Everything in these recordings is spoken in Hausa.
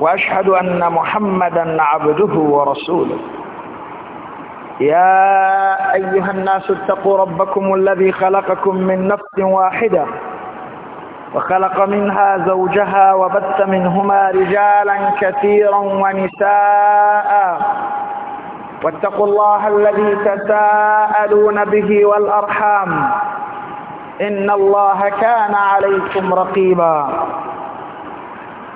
واشهد ان محمدا عبده ورسوله يا ايها الناس اتقوا ربكم الذي خلقكم من نفس واحده وخلق منها زوجها وبث منهما رجالا كثيرا ونساء واتقوا الله الذي تساءلون به والارحام ان الله كان عليكم رقيبا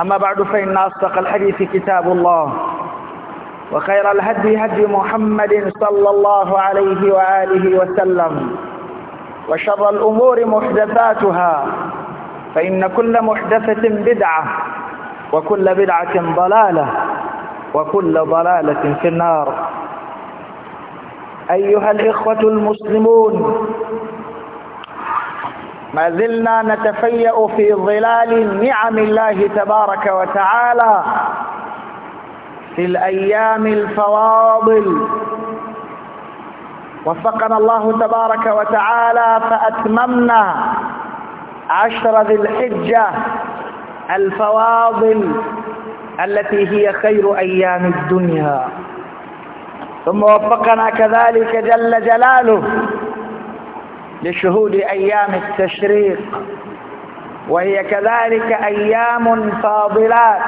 أما بعد فإن أصدق الحديث كتاب الله وخير الهدي هدي محمد صلى الله عليه وآله وسلم وشر الأمور محدثاتها فإن كل محدثة بدعة وكل بدعة ضلالة وكل ضلالة في النار أيها الإخوة المسلمون ما زلنا نتفيأ في ظلال نعم الله تبارك وتعالى في الأيام الفواضل وفقنا الله تبارك وتعالى فأتممنا عشر ذي الحجة الفواضل التي هي خير أيام الدنيا ثم وفقنا كذلك جل جلاله لشهود أيام التشريق وهي كذلك أيام فاضلات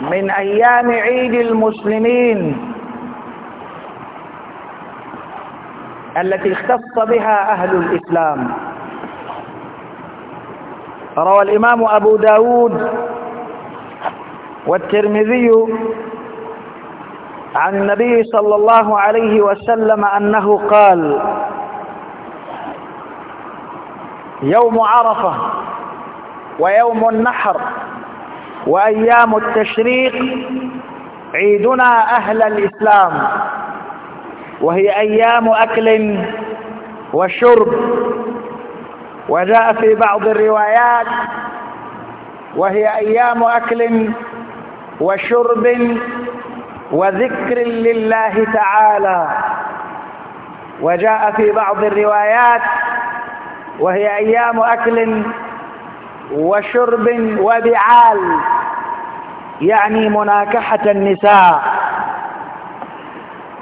من أيام عيد المسلمين التي اختص بها أهل الإسلام روى الإمام أبو داود والترمذي عن النبي صلى الله عليه وسلم أنه قال يوم عرفة ويوم النحر وأيام التشريق عيدنا أهل الإسلام وهي أيام أكل وشرب وجاء في بعض الروايات وهي أيام أكل وشرب وذكر لله تعالى وجاء في بعض الروايات وهي أيام أكل وشرب وبعال يعني مناكحة النساء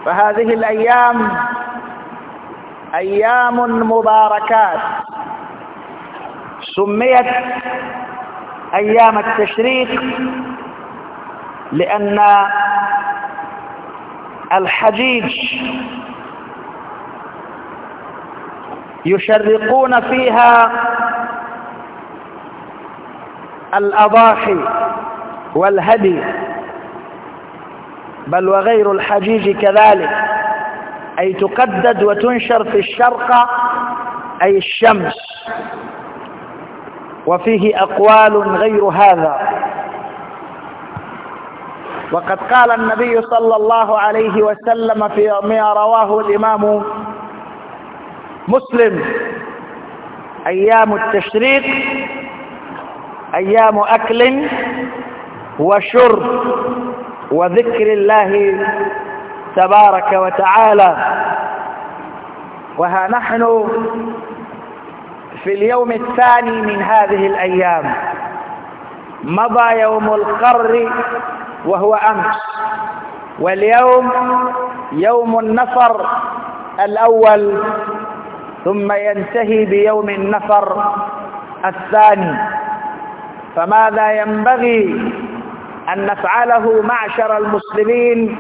فهذه الأيام أيام مباركات سميت أيام التشريق لأن الحجيج يشرقون فيها الأضاحي والهدي بل وغير الحجيج كذلك أي تقدد وتنشر في الشرق أي الشمس وفيه أقوال غير هذا وقد قال النبي صلى الله عليه وسلم في ما رواه الإمام مسلم أيام التشريق أيام أكل وشرب وذكر الله تبارك وتعالى وها نحن في اليوم الثاني من هذه الأيام مضى يوم القر وهو أمس واليوم يوم النفر الأول ثم ينتهي بيوم النفر الثاني فماذا ينبغي أن نفعله معشر المسلمين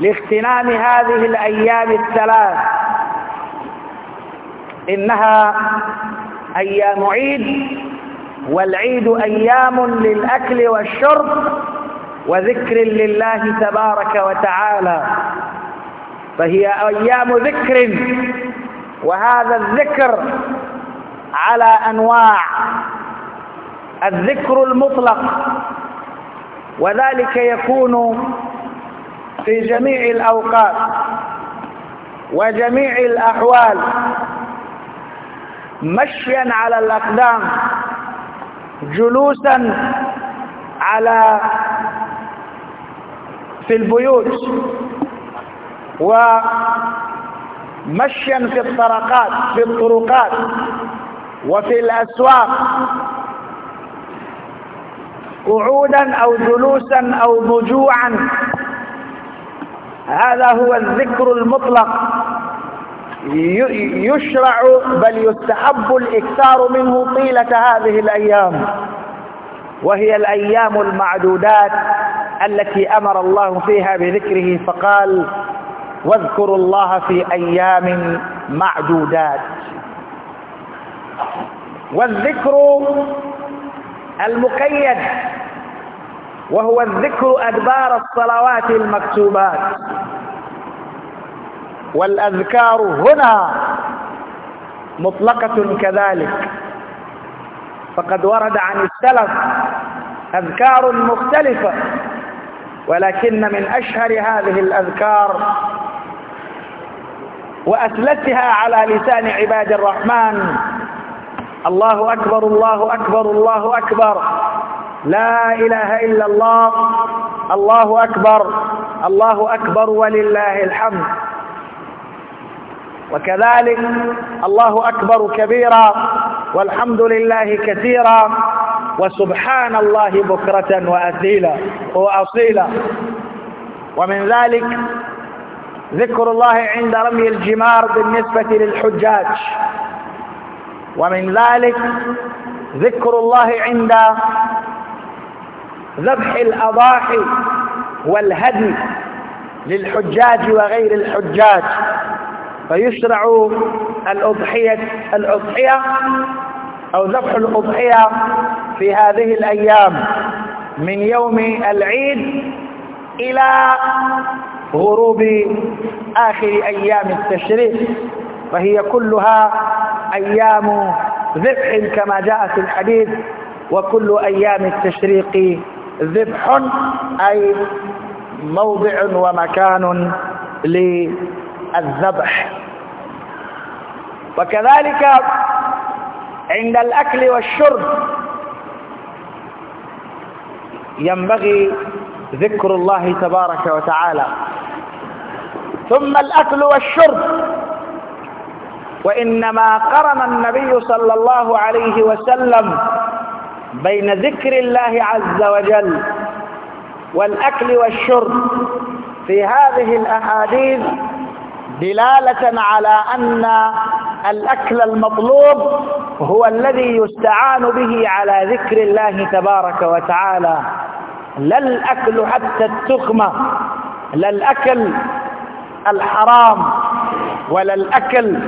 لاغتنام هذه الأيام الثلاث إنها أيام عيد والعيد أيام للأكل والشرب وذكر لله تبارك وتعالى فهي أيام ذكر وهذا الذكر على أنواع الذكر المطلق وذلك يكون في جميع الأوقات وجميع الأحوال مشيا على الأقدام جلوسا على في البيوت ومشيا في الطرقات في الطرقات وفي الأسواق قعودا أو جلوسا أو ضجوعا هذا هو الذكر المطلق يشرع بل يستحب الإكثار منه طيلة هذه الأيام وهي الأيام المعدودات التي أمر الله فيها بذكره فقال واذكروا الله في أيام معدودات والذكر المقيد وهو الذكر أدبار الصلوات المكتوبات والأذكار هنا مطلقة كذلك فقد ورد عن السلف أذكار مختلفة ولكن من أشهر هذه الأذكار وأثلتها على لسان عباد الرحمن الله أكبر الله أكبر الله أكبر لا إله إلا الله الله أكبر الله أكبر ولله الحمد وكذلك الله أكبر كبيرا والحمد لله كثيرا وسبحان الله بكرة وأثيلا وأصيلا ومن ذلك ذكر الله عند رمي الجمار بالنسبة للحجاج ومن ذلك ذكر الله عند ذبح الأضاحي والهدي للحجاج وغير الحجاج فيشرع الأضحية الأضحية أو ذبح الأضحية في هذه الأيام من يوم العيد إلى غروب آخر أيام التشريق فهي كلها أيام ذبح كما جاء في الحديث وكل أيام التشريق ذبح أي موضع ومكان للذبح الذبح وكذلك عند الأكل والشرب ينبغي ذكر الله تبارك وتعالى ثم الأكل والشرب وإنما قرن النبي صلى الله عليه وسلم بين ذكر الله عز وجل والأكل والشرب في هذه الأحاديث دلالة على أن الأكل المطلوب هو الذي يستعان به على ذكر الله تبارك وتعالى لا الأكل حتى التخمة لا الأكل الحرام ولا الأكل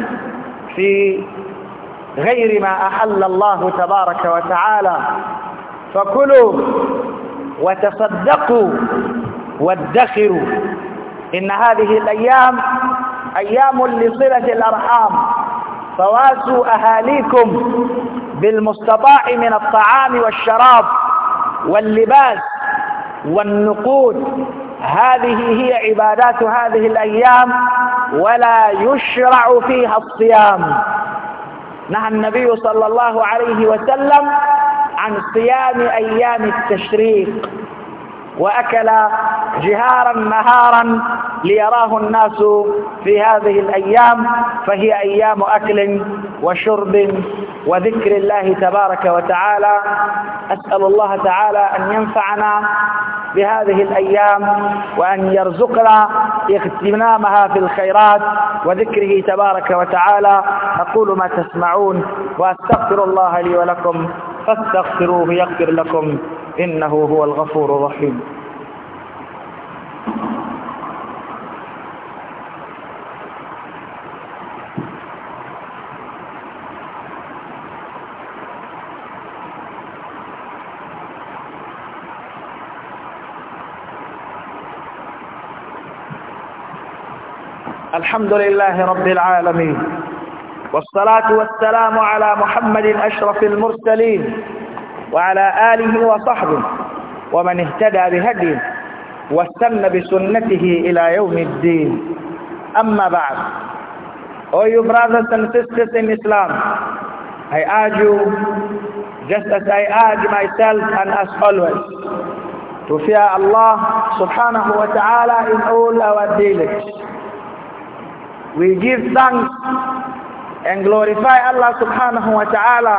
في غير ما أحل الله تبارك وتعالى فكلوا وتصدقوا وادخروا إن هذه الأيام أيام لصلة الأرحام فواسوا أهاليكم بالمستطاع من الطعام والشراب واللباس والنقود هذه هي عبادات هذه الأيام ولا يشرع فيها الصيام نهى النبي صلى الله عليه وسلم عن صيام أيام التشريق وأكل جهارا نهارا ليراه الناس في هذه الأيام فهي أيام أكل وشرب وذكر الله تبارك وتعالى أسأل الله تعالى أن ينفعنا بهذه الأيام وأن يرزقنا اغتنامها في الخيرات وذكره تبارك وتعالى أقول ما تسمعون وأستغفر الله لي ولكم فاستغفروه يغفر لكم إنه هو الغفور الرحيم الحمد لله رب العالمين والصلاة والسلام على محمد أشرف المرسلين وعلى آله وصحبه ومن اهتدى بهديه واستنى بسنته إلى يوم الدين أما بعد أو you brothers and sisters in Islam I urge you just as I urge myself and as always to fear Allah subhanahu wa ta'ala in all our dealings we give thanks and glorify Allah subhanahu wa ta'ala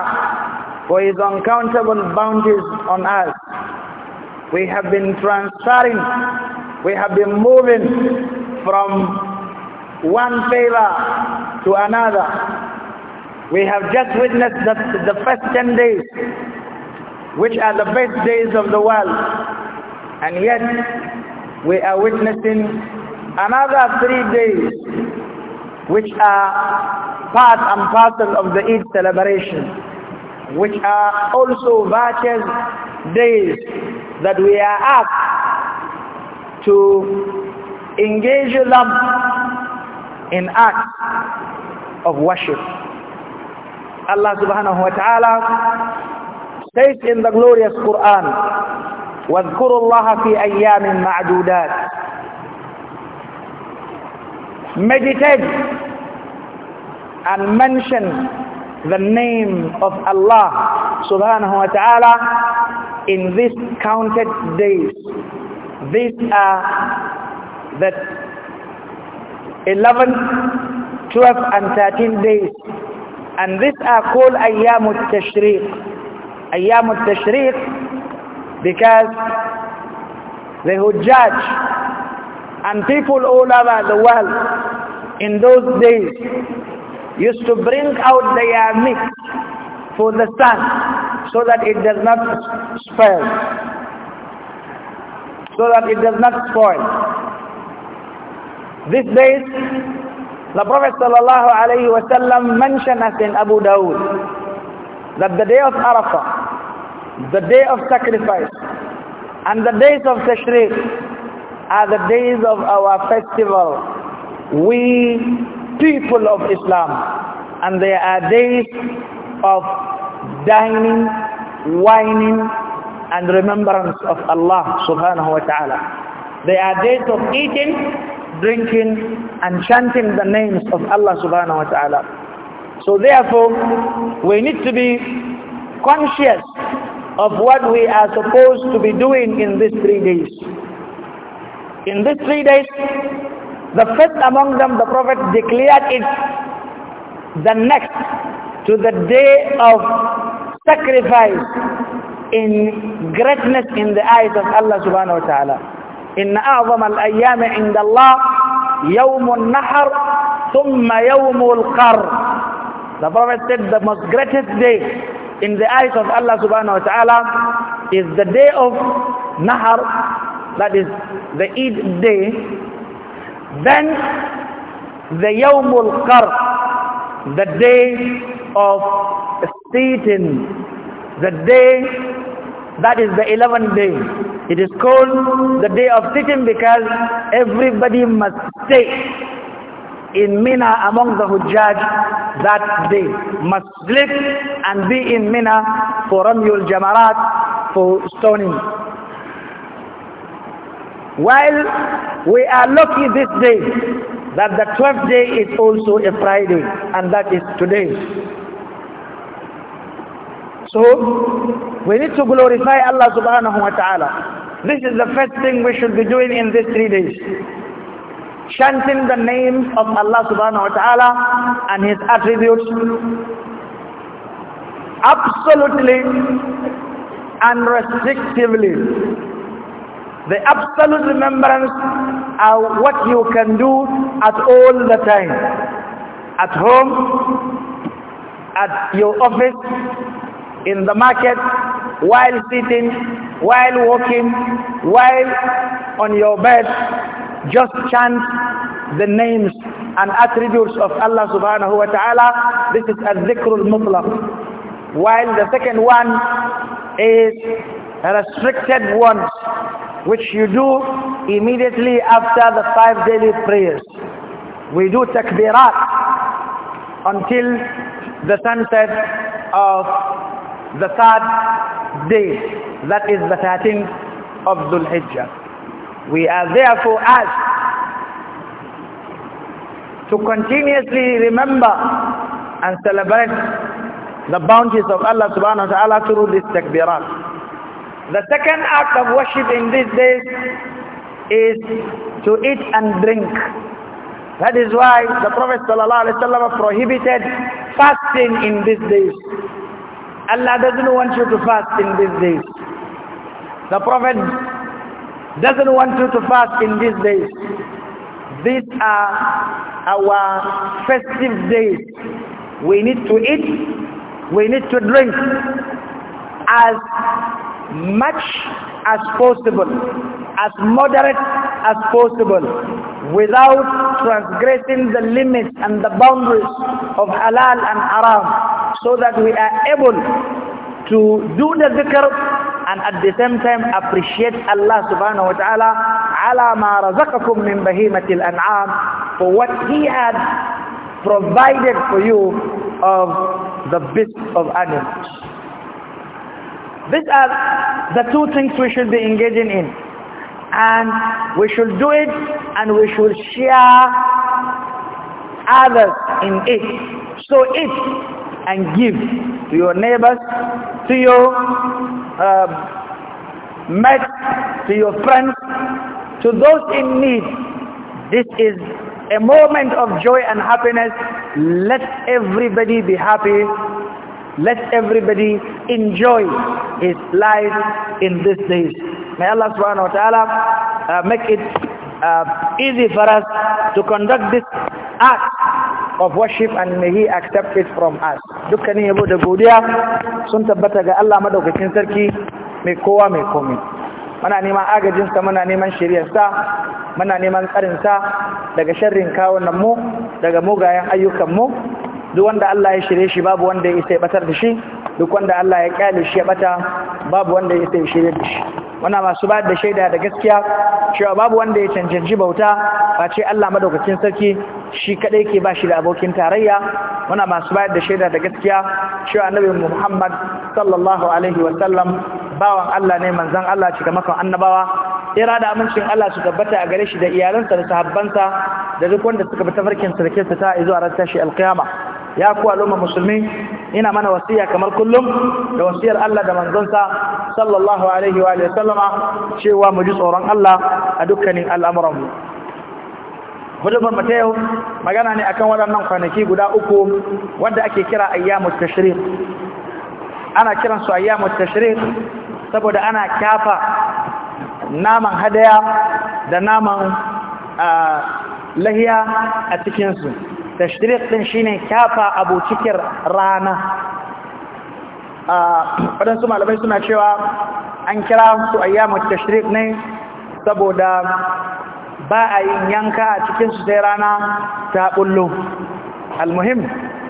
for his uncountable bounties on us. We have been transferring, we have been moving from one favor to another. We have just witnessed that the first 10 days, which are the best days of the world, and yet we are witnessing another three days which are part and parcel of the Eid celebration which are also virtuous days that we are asked to engage them in acts of worship. Allah subhanahu wa ta'ala says in the glorious Quran, واذكروا الله في أيام معدودات meditate and mention the name of Allah subhanahu wa ta'ala in these counted days. These are the 11, 12 and 13 days. And these are called Ayyam al-Tashriq. Ayyam al-Tashriq because the Hujjaj and people all over the world in those days used to bring out their meat for the sun so that it does not spoil. So that it does not spoil. These days, the Prophet ﷺ mentioned as in Abu Dawud that the day of Arafah, the day of sacrifice, and the days of Tashriq are the days of our festival. We people of Islam. And there are days of dining, whining, and remembrance of Allah subhanahu wa ta'ala. There are days of eating, drinking, and chanting the names of Allah subhanahu wa ta'ala. So therefore, we need to be conscious of what we are supposed to be doing in these three days. In these three days, The first among them, the Prophet declared it the next to the day of sacrifice in greatness in the eyes of Allah subhanahu wa ta'ala. إن أعظم الأيام عند الله يوم النحر ثم يوم القر The Prophet said the most greatest day in the eyes of Allah subhanahu wa ta'ala is the day of Nahar that is the Eid day Then the Yawmul Qar, the day of sitting, the day that is the 11th day. It is called the day of sitting because everybody must stay in Mina among the Hujjaj that day. Must sleep and be in Mina for Ramyul Jamarat for stoning. While we are lucky this day that the 12th day is also a Friday and that is today. So we need to glorify Allah subhanahu wa ta'ala. This is the first thing we should be doing in these three days. Chanting the names of Allah subhanahu wa ta'ala and his attributes absolutely and restrictively the absolute remembrance are what you can do at all the time. At home, at your office, in the market, while sitting, while walking, while on your bed, just chant the names and attributes of Allah subhanahu wa ta'ala. This is al-dhikrul mutlaq. While the second one is restricted ones which you do immediately after the five daily prayers. We do takbirat until the sunset of the third day, that is the 13th of Dhul Hijjah. We are therefore asked to continuously remember and celebrate the bounties of Allah subhanahu wa ta'ala through this takbirat. The second act of worship in these days is to eat and drink. That is why the Prophet ﷺ prohibited fasting in these days. Allah doesn't want you to fast in these days. The Prophet doesn't want you to fast in these days. These are our festive days. We need to eat, we need to drink as much as possible, as moderate as possible, without transgressing the limits and the boundaries of halal and haram, so that we are able to do the dhikr and at the same time appreciate Allah subhanahu wa ta'ala ala ma razaqakum min bahimatil an'am for what he had provided for you of the best of animals. These are the two things we should be engaging in. And we should do it and we should share others in it. So it and give to your neighbors, to your uh, mates, to your friends, to those in need. This is a moment of joy and happiness. Let everybody be happy let everybody enjoy his life in this days may Allah subhanahu wa ta'ala uh, make it uh, easy for us to conduct this act of worship and may he accept it from us dukkanin yabo da godiya sun tabbata ga Allah madaukakin sarki mai kowa mai komai muna neman agajinsa muna neman shiryarsa muna neman tsarinsa daga sharrin kawunan mu daga mugayen ayyukan mu duk wanda Allah ya shirye shi babu wanda ya isa ya batar da shi duk wanda Allah ya kyale shi ya bata babu wanda ya isa ya shirye da shi wana masu ba da shaida da gaskiya cewa babu wanda ya cancanci bauta ba ce Allah madaukakin sarki shi kadai ke ba shi da abokin tarayya wana masu ba da shaida da gaskiya cewa annabi Muhammad sallallahu alaihi wa sallam bawan Allah ne manzon Allah maka annabawa Ira da amincin Allah su tabbata a gare shi da iyalansa da sahabbansa da duk wanda suka bi tafarkin sa ta izuwa ran tashi alkiyama ya ku al'umma musulmi ina mana wasiya kamar kullum da wasiyar Allah da manzonsa sallallahu alaihi wa sallama cewa mu ji tsoron Allah a dukkanin al'amuranmu hudubar mata yau magana ne akan waɗannan kwanaki guda uku wadda ake kira ayyamu tashrik ana kiransu ayyamu tashrik saboda ana kyafa naman hadaya da naman ah, lahiya a cikinsu tashrik din shine kyafa abu cikin rana waɗansu malamai suna cewa an kira su ayyamu tashrik ne saboda ba a yin yanka a cikinsu sai rana ta bullo almuhim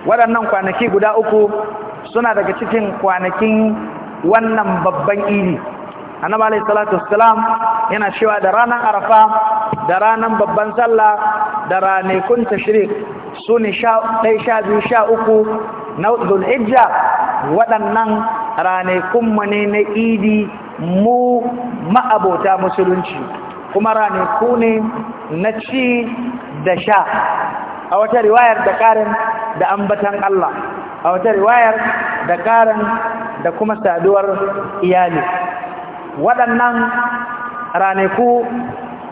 waɗannan kwanaki guda uku suna daga cikin kwanakin wannan babban ili annabi alaihi salatu wassalam yana cewa da ranar arafa da ranar babban sallah da kun tashrik su ne sha sha biyu sha uku na zulhijja waɗannan ranakun mu ne na idi mu ma'abota musulunci kuma ku ne na ci da sha a wata riwayar da ƙarin da ambatan Allah a wata riwayar da ƙarin da kuma saduwar iyali waɗannan ranaku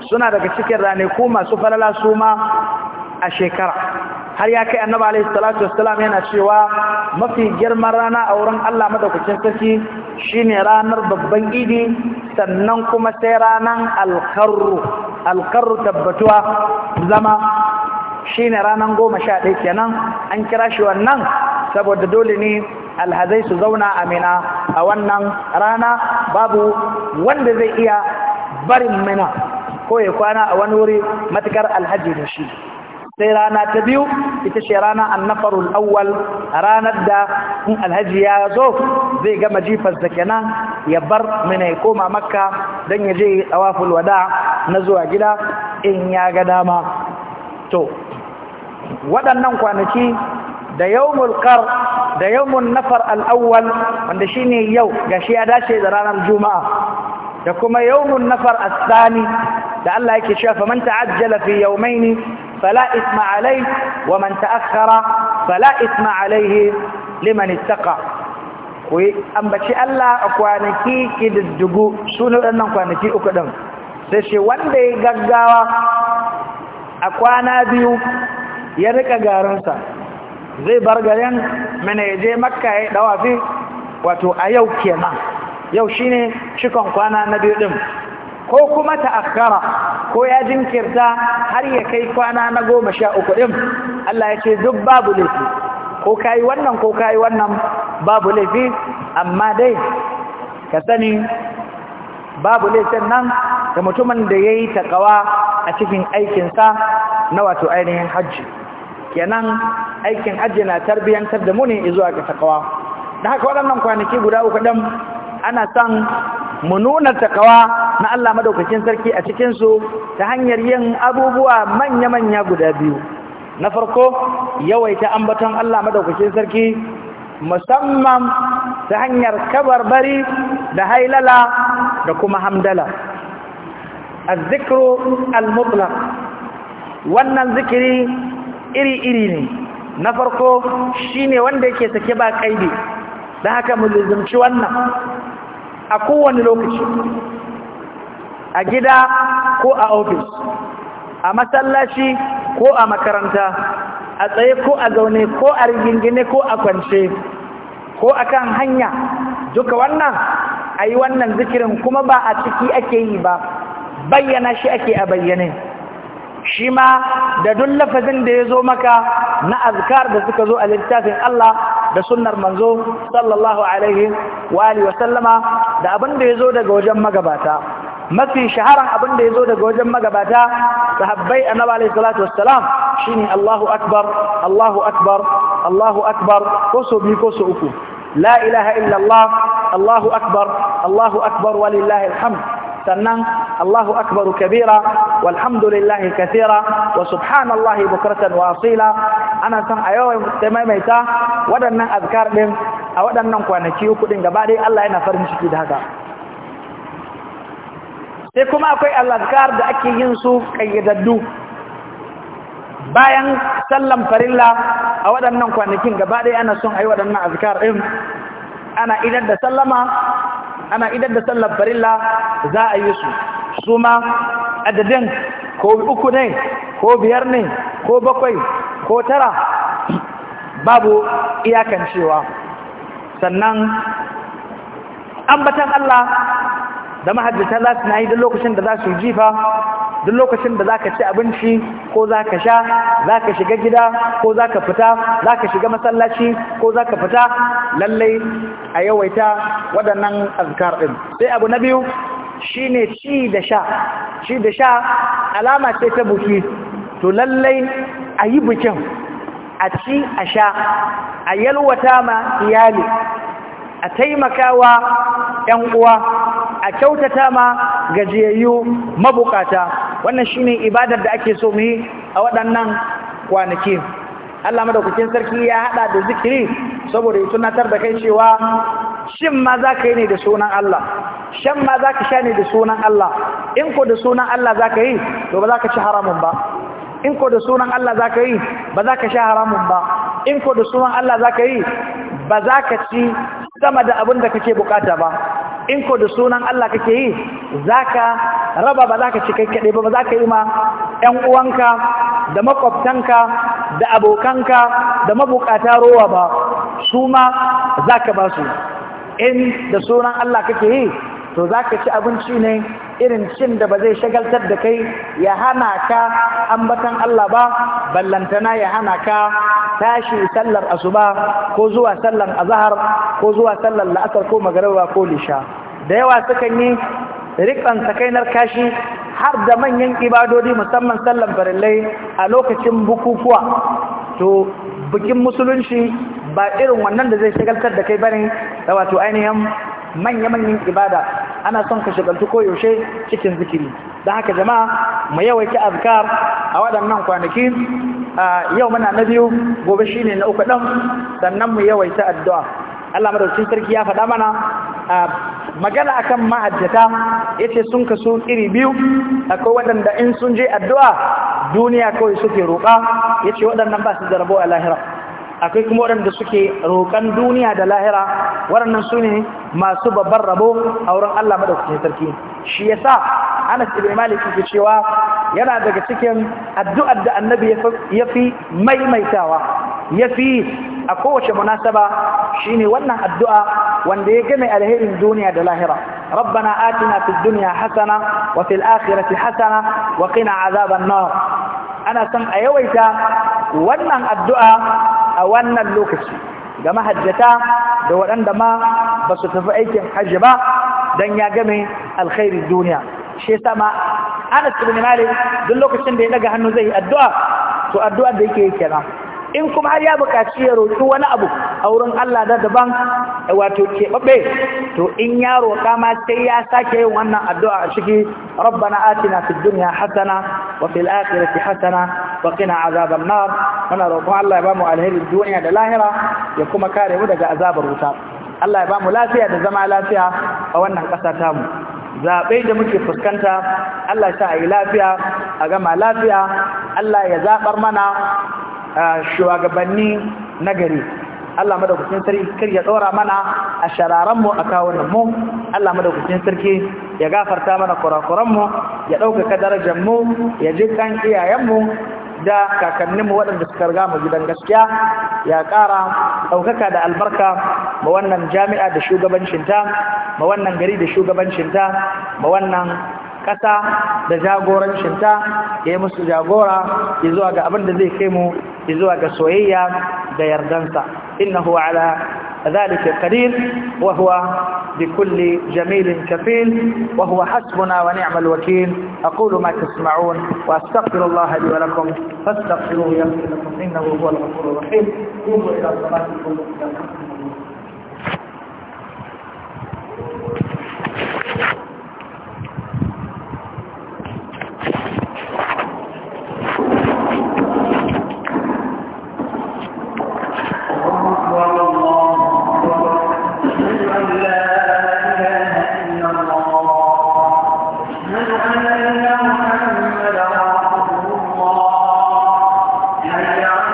suna daga cikin ranaku masu falala su ma a shekara har ya kai annaba alaihi salatu wassalam yana cewa mafi girman rana a wurin Allah madaukakin sarki shine ranar babban idi sannan kuma sai ranar alkarru alkarru tabbatuwa zama shine ranar goma sha ɗaya kenan an kira shi wannan saboda dole ne alhazai su zauna a mina a wannan rana babu wanda zai iya barin mina ko ya kwana a wani wuri matukar alhaji da shi sai rana ta biyu ita ce rana annafarul awwal ranar da in alhaji ya zo zai gama jifar da kenan ya bar mina ya koma makka don ya je awaful wada na zuwa gida in ya ga dama to waɗannan kwanaki da yawmul da yawmun nafar al wanda shi shine yau shi ya dace da ranar juma'a da kuma yawmun nafar as-sani da Allah yake cewa faman ta'ajjala fi yawmayn fala isma wa man ta'akhkhara fala isma liman ittaqa ku ambaci Allah a kwanaki kididdugu sunan wadannan kwanaki uku ɗin, sai shi wanda ya gaggawa a kwana biyu ya rika garinsa. zai bar garin manaje makka ya dawafi wato a yau kenan yau shine cikon kwana na biyu din ko kuma ta akara ko ya jinkirta har ya kai kwana na goma sha uku din. Allah ya ce duk babu laifi ko kayi wannan ko kayi wannan babu laifi amma dai ka sani babu laifin nan da mutumin da ya yi taƙawa a cikin aikinsa na wato ainihin hajji kenan aikin hajji na tarbiyyantar da muni zuwa ga takawa da haka waɗannan kwanaki guda uku ɗin ana son mu nuna takawa na Allah madaukakin sarki a cikinsu ta hanyar yin abubuwa manya-manya guda biyu na farko yawaita ambaton Allah madaukakin sarki musamman ta hanyar kabarbari da hailala da kuma hamdala azzikru al-mutlaq wannan zikiri iri-iri ne na farko shine wanda yake sake ba kaidi dan haka mu lizumci wannan a kowane lokaci a gida ko a ofis a masallaci ko a makaranta a tsaye ko a zaune ko a rigingine ko a kwance ko kan hanya duka wannan ayi wannan zikirin kuma ba a ciki ake yi ba bayyana shi ake a bayyane shi ma da duk lafazin da ya zo maka na azkar da suka zo a littafin Allah da sunnar manzo sallallahu alaihi wa alihi da abin da ya zo daga wajen magabata mafi shaharan abin da ya zo daga wajen magabata sahabbai annabi alaihi salatu wassalam shine Allahu akbar Allahu akbar Allahu akbar ko so bi ko so uku la ilaha illallah Allahu akbar Allahu akbar walillahi alhamd sannan Allahu akbaru kabira walhamdulillahi kathira wa subhanallahi bukratan wa asila ana san a yawan maimaita waɗannan azkar din a waɗannan kwanaki uku din gaba dai Allah yana farin ciki da haka sai kuma akwai azkar da ake yin su kayyadaddu bayan sallan farilla a waɗannan kwanakin gaba dai ana son ayi waɗannan azkar din ana idan da sallama ana idan da sallar barilla za a yi su su ma adadin ko uku ne ko biyar ne ko bakwai ko tara babu iyakan cewa sannan ambatan Allah da mahajjata za su na yi da lokacin da za su jifa duk lokacin da zaka ci abinci ko zaka sha zaka shiga gida ko zaka fita zaka shiga masallaci ko zaka fita lallai a yawaita waɗannan azkar din sai abu na biyu shine ci da sha ci da sha alama ce ta buki to lallai ayi yi bikin a ci a sha a yalwata ma iyali a taimakawa ‘yan uwa a kyautata ma gajiyayyu mabukata wannan shine ibadar da ake so mu yi a waɗannan kwanaki Allah madaukakin sarki ya hada da zikiri saboda ya tunatar da kai cewa shin ma za ka yi ne da sunan Allah shan ma za ka sha ne da sunan Allah in ko da sunan Allah za ka yi to ba za ka ci haramun ba in ko da sunan Allah za ka yi ba za ka sha haramun ba in ko da sunan Allah za ka yi ba za ka ci sama da abin da kake bukata ba in ko da sunan Allah kake yi zaka raba ba zaka ci kai kade ba ba zaka yi ma ɗan uwanka da makwabtanka da abokanka da mabukata rowa ba su ma zaka ba su in da sunan Allah kake yi to za ka ci abinci ne irin cin da ba zai shagaltar da kai ya hana ka ambatan Allah ba ballantana ya hana ka tashi sallar asuba ko zuwa sallar azhar ko zuwa sallar la'asar ko magariba ko lisha da yawa sukan yi rikan sakainar kashi har da manyan ibadodi musamman sallar farillai a lokacin bukukuwa to bikin musulunci ba irin wannan da zai shagaltar da kai bane da wato ainihin manya-manyan ibada ana son ka shagaltu ko yaushe cikin zikiri don haka jama'a mu yawaita azkar a waɗannan kwanaki yau muna na biyu gobe shine na uku ɗan sannan mu yawaita addu'a Allah madaukakin sarki ya faɗa mana magana akan ma'ajjata yace sun kaso iri biyu akwai waɗanda in sun je addu'a duniya kawai suke roƙa yace waɗannan ba su da a lahira akwai kuma waɗanda suke roƙon duniya da lahira waɗannan su ne masu babban rabo a wurin Allah madaukakin sarki shi yasa ana ibn Malik yake cewa yana daga cikin addu'ar da Annabi ya fi maimaitawa ya fi a kowace munasaba shine wannan addu'a wanda ya game alherin duniya da lahira rabbana atina fid duniya hasana wa fil akhirati hasana wa qina azaban nar ana son a yawaita wannan addu'a a wannan lokaci ga mahajjata da waɗanda ma ba su tafi aikin hajji ba don ya game alkhairi duniya shi yasa ma Anas ibn Malik duk lokacin da ya daga hannu zai addu'a to addu'a da yake yi kenan in kuma har ya buƙaci ya roƙi wani abu a wurin Allah da daban wato keɓaɓɓe to in ya roƙa ma sai ya sake yin wannan addu'a a ciki rabbana atina fid dunya hasana wa fil akhirati hasana wa qina azaban nar muna roƙon Allah ya bamu alheri duniya da lahira ya kuma kare mu daga azabar wuta Allah ya bamu lafiya da zama lafiya a wannan ƙasa tamu zaɓe da muke fuskanta Allah ya a yi lafiya a gama lafiya Allah ya zaɓar mana shugabanni na gari Allah madaukakin sarki kar ya dora mana a shararan mu a kawunan mu Allah madaukakin sarki ya gafarta mana kurakuran mu ya ɗaukaka darajar mu ya ji kan iyayen mu da kakanninmu waɗanda suka riga mu gidan gaskiya ya ƙara ɗaukaka da albarka ma wannan jami'a da shugabancinta ma wannan gari da shugabancinta ma wannan ƙasa da jagorancinta ya yi musu jagora ya zuwa ga abin da zai kai mu zuwa ga soyayya إنه على ذلك قليل وهو بكل جميل كفيل وهو حسبنا ونعم الوكيل أقول ما تسمعون وأستغفر الله لي ولكم فاستغفروه يغفر لكم إنه هو الغفور الرحيم قوموا إلى صلاتكم Thank you.